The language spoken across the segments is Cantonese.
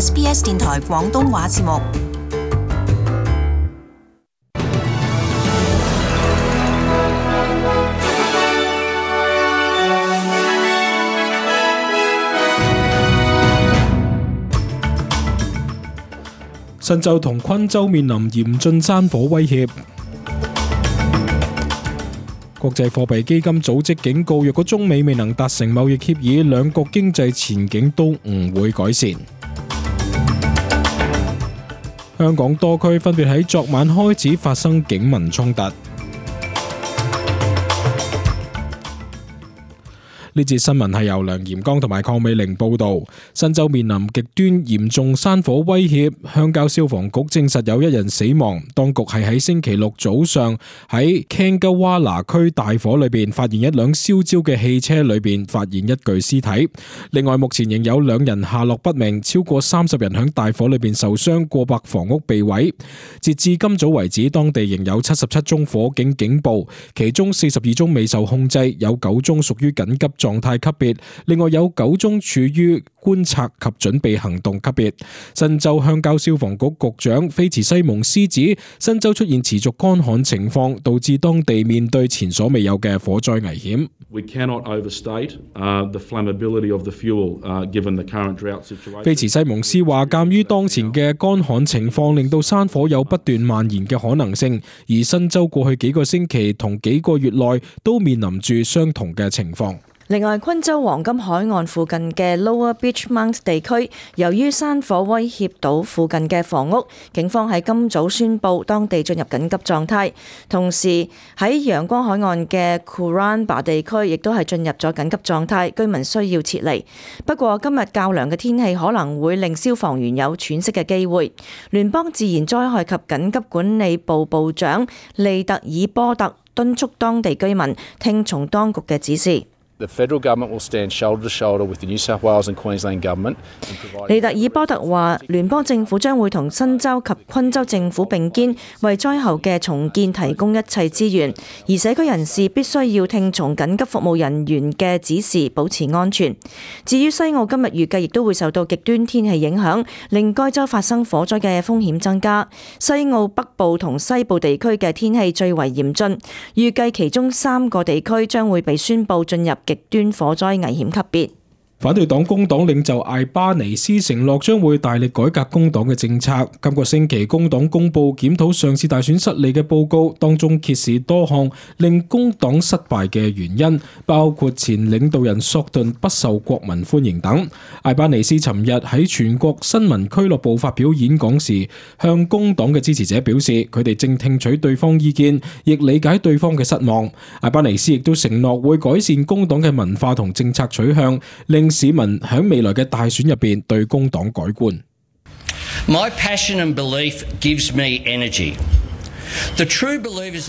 SBS 電台廣東話節目。新州同昆州面臨嚴峻山火威脅。國際貨幣基金組織警告，若果中美未能達成貿易協議，兩國經濟前景都唔會改善。香港多區分別喺昨晚開始發生警民衝突。呢節新聞係由梁嚴光同埋鄺美玲報道。新州面臨極端嚴重山火威脅，鄉郊消防局證實有一人死亡。當局係喺星期六早上喺 Kangawalla 區大火裏邊發現一輛燒焦嘅汽車裏邊發現一具屍體。另外，目前仍有兩人下落不明，超過三十人響大火裏邊受傷，過百房屋被毀。截至今早為止，當地仍有七十七宗火警警報，其中四十二宗未受控制，有九宗屬於緊急狀。狀態級別，另外有九宗處於觀察及準備行動級別。新州鄉郊消防局局長菲茨西蒙斯指，新州出現持續乾旱情況，導致當地面對前所未有嘅火災危險。We cannot overstate the flammability of the fuel, given the current drought situation. 菲茨西蒙斯話，鑒於當前嘅乾旱情況，令到山火有不斷蔓延嘅可能性，而新州過去幾個星期同幾個月內都面臨住相同嘅情況。另外，昆州黃金海岸附近嘅 Lower Beechmont 地區，由於山火威脅到附近嘅房屋，警方喺今早宣布當地進入緊急狀態。同時喺陽光海岸嘅 Kuramba 地區，亦都係進入咗緊急狀態，居民需要撤離。不過，今日較涼嘅天氣可能會令消防員有喘息嘅機會。聯邦自然災害及緊急管理部部長利特爾波特敦促當地居民聽從當局嘅指示。利特爾波特話，聯邦政府將會同新州及昆州政府並肩，為災後嘅重建提供一切資源。而社區人士必須要聽從緊急服務人員嘅指示，保持安全。至於西澳今日預計亦都會受到極端天氣影響，令該州發生火災嘅風險增加。西澳北部同西部地區嘅天氣最為嚴峻，預計其中三個地區將會被宣布進入。極端火災危險級別。反對黨工黨領袖艾巴尼斯承諾將會大力改革工黨嘅政策。今個星期，工黨公佈檢討上次大選失利嘅報告，當中揭示多項令工黨失敗嘅原因，包括前領導人索頓不受國民歡迎等。艾巴尼斯尋日喺全國新聞俱樂部發表演講時，向工黨嘅支持者表示，佢哋正聽取對方意見，亦理解對方嘅失望。艾巴尼斯亦都承諾會改善工黨嘅文化同政策取向，令市民喺未來嘅大選入邊對工黨改觀。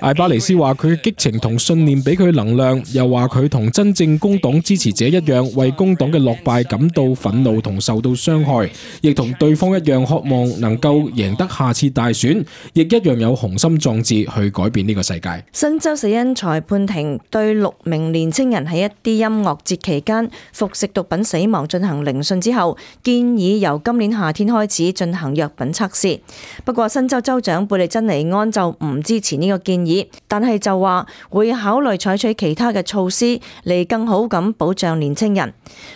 艾巴尼斯話：佢嘅激情同信念俾佢能量，又話佢同真正工黨支持者一樣，為工黨嘅落敗感到憤怒同受到傷害，亦同對方一樣，渴望能夠贏得下次大選，亦一樣有雄心壯志去改變呢個世界。新州死因裁判庭對六名年青人喺一啲音樂節期間服食毒品死亡進行聆訊之後，建議由今年夏天開始進行藥品測試。不過，新州州長貝利珍尼安就唔支持呢個建議，但係就話會考慮採取其他嘅措施嚟，更好咁保障年輕人。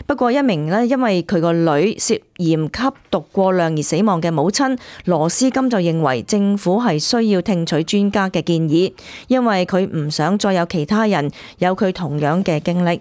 不過，一名呢因為佢個女涉嫌吸毒過量而死亡嘅母親羅斯金就認為政府係需要聽取專家嘅建議，因為佢唔想再有其他人有佢同樣嘅經歷。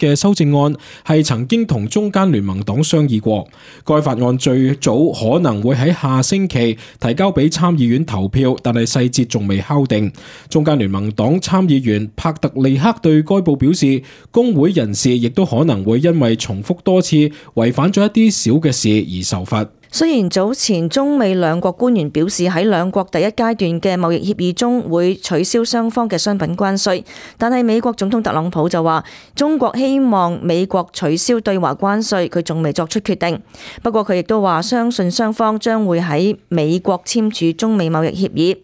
嘅修正案係曾經同中間聯盟黨商議過，該法案最早可能會喺下星期提交俾參議院投票，但係細節仲未敲定。中間聯盟黨參議員帕特利克對該報表示，工會人士亦都可能會因為重複多次違反咗一啲小嘅事而受罰。雖然早前中美兩國官員表示喺兩國第一階段嘅貿易協議中會取消雙方嘅商品關稅，但係美國總統特朗普就話中國希望美國取消對華關稅，佢仲未作出決定。不過，佢亦都話相信雙方將會喺美國簽署中美貿易協議。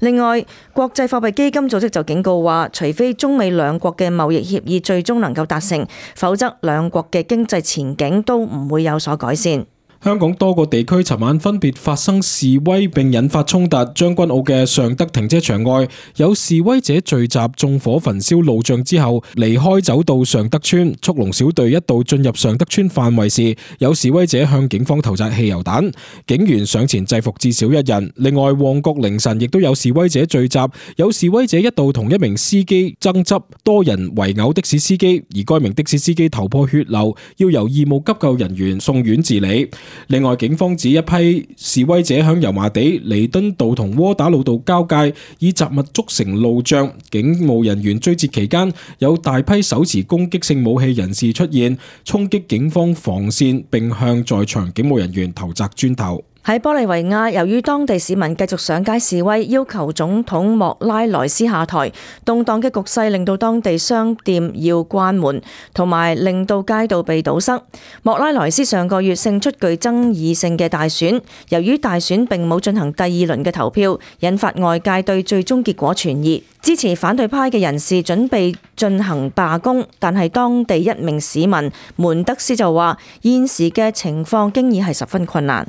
另外，國際貨幣基金組織就警告話，除非中美兩國嘅貿易協議最終能夠達成，否則兩國嘅經濟前景都唔會有所改善。香港多個地區尋晚分別發生示威，並引發衝突。將軍澳嘅尚德停車場外有示威者聚集，縱火焚燒路障之後離開，走到尚德村。速龍小隊一度進入尚德村範圍時，有示威者向警方投擲汽油彈，警員上前制服至少一人。另外，旺角凌晨亦都有示威者聚集，有示威者一度同一名司機爭執，多人圍毆的士司機，而該名的士司機頭破血流，要由義務急救人員送院治理。另外，警方指一批示威者響油麻地彌敦道同窩打老道交界以雜物築成路障，警務人員追截期間，有大批手持攻擊性武器人士出現，衝擊警方防線，並向在場警務人員投擲磚頭。喺玻利維亞，由於當地市民繼續上街示威，要求總統莫拉萊斯下台，動盪嘅局勢令到當地商店要關門，同埋令到街道被堵塞。莫拉萊斯上個月勝出具爭議性嘅大選，由於大選並冇進行第二輪嘅投票，引發外界對最終結果存疑。支持反對派嘅人士準備進行罷工，但係當地一名市民門德斯就話：現時嘅情況經已係十分困難。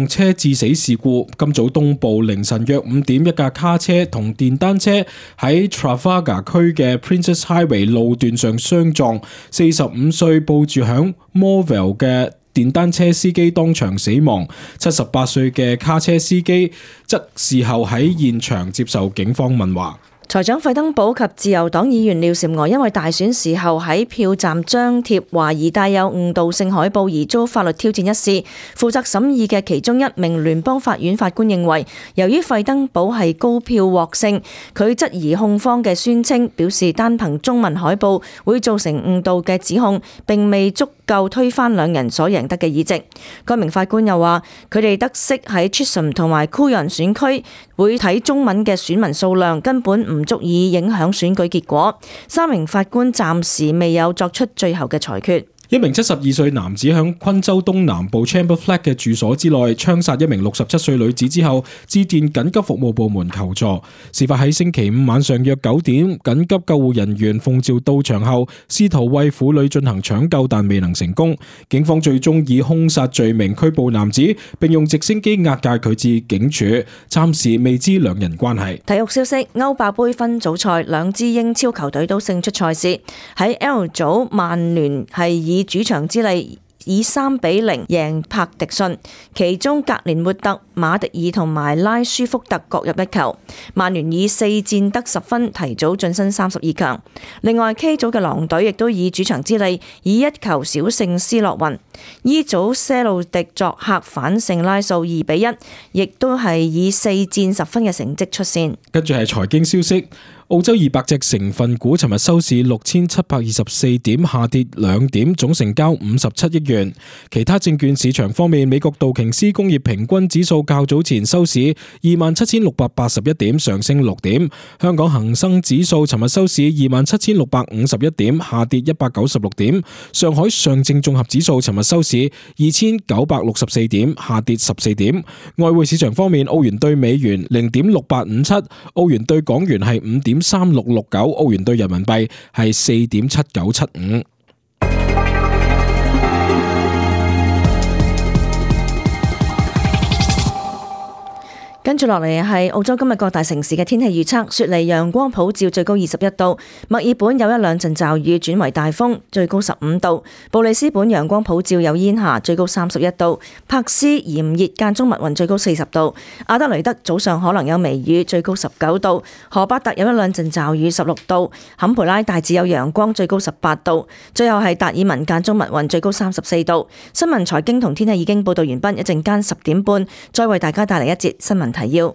車致死事故，今早東部凌晨約五點，一架卡車同電單車喺 Travaga 區嘅 Princess Highway 路段上相撞，四十五歲住響 Morville 嘅電單車司機當場死亡，七十八歲嘅卡車司機則事後喺現場接受警方問話。財長費登堡及自由黨議員廖嬋娥因為大選時候喺票站張貼懷疑帶有誤導性海報而遭法律挑戰一事，負責審議嘅其中一名聯邦法院法官認為，由於費登堡係高票獲勝，佢質疑控方嘅宣稱，表示單憑中文海報會造成誤導嘅指控並未足夠推翻兩人所贏得嘅議席。該名法官又話：佢哋得悉喺 Chisholm 同埋 Kooyong 選區會睇中文嘅選民數量根本唔足以影響選舉結果。三名法官暫時未有作出最後嘅裁決。一名七十二歲男子喺昆州東南部 Chamber Flat 嘅住所之內槍殺一名六十七歲女子之後，致電緊急服務部門求助。事發喺星期五晚上約九點，緊急救護人員奉召到場後，試圖為婦女進行搶救，但未能成功。警方最終以兇殺罪名拘捕男子，並用直升機押解佢至警署。暫時未知兩人關係。體育消息：歐霸杯分組賽，兩支英超球隊都勝出賽事。喺 L 組，曼聯係以以主場之利以三比零贏柏迪遜，其中格連活特、馬迪爾同埋拉舒福特各入一球。曼聯以四戰得十分，提早晉身三十二強。另外 K 組嘅狼隊亦都以主場之利以一球小勝斯洛雲。E 組些路迪作客反勝拉素二比一，亦都係以四戰十分嘅成績出線。跟住係財經消息。澳洲二百隻成分股尋日收市六千七百二十四點，下跌兩點，總成交五十七億元。其他證券市場方面，美國道瓊斯工業平均指數較早前收市二萬七千六百八十一點，上升六點。香港恒生指數尋日收市二萬七千六百五十一點，下跌一百九十六點。上海上證綜合指數尋日收市二千九百六十四點，下跌十四點。外匯市場方面，澳元對美元零點六八五七，澳元對港元係五點。三六六九，澳元兌人民幣係四點七九七五。跟住落嚟係澳洲今日各大城市嘅天氣預測：雪梨陽光普照，最高二十一度；墨爾本有一兩陣驟雨，轉為大風，最高十五度；布里斯本陽光普照有煙霞，最高三十一度；柏斯炎熱間中密雲，最高四十度；阿德雷德早上可能有微雨，最高十九度；荷伯特有一兩陣驟雨，十六度；坎培拉大致有陽光，最高十八度；最後係達爾文間中密雲，最高三十四度。新聞財經同天氣已經報道完畢，一陣間十點半再為大家帶嚟一節新聞。要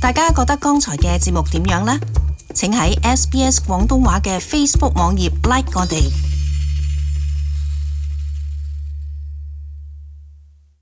大家覺得剛才嘅節目點樣呢？請喺 SBS 廣東話嘅 Facebook 網頁 Like 我哋。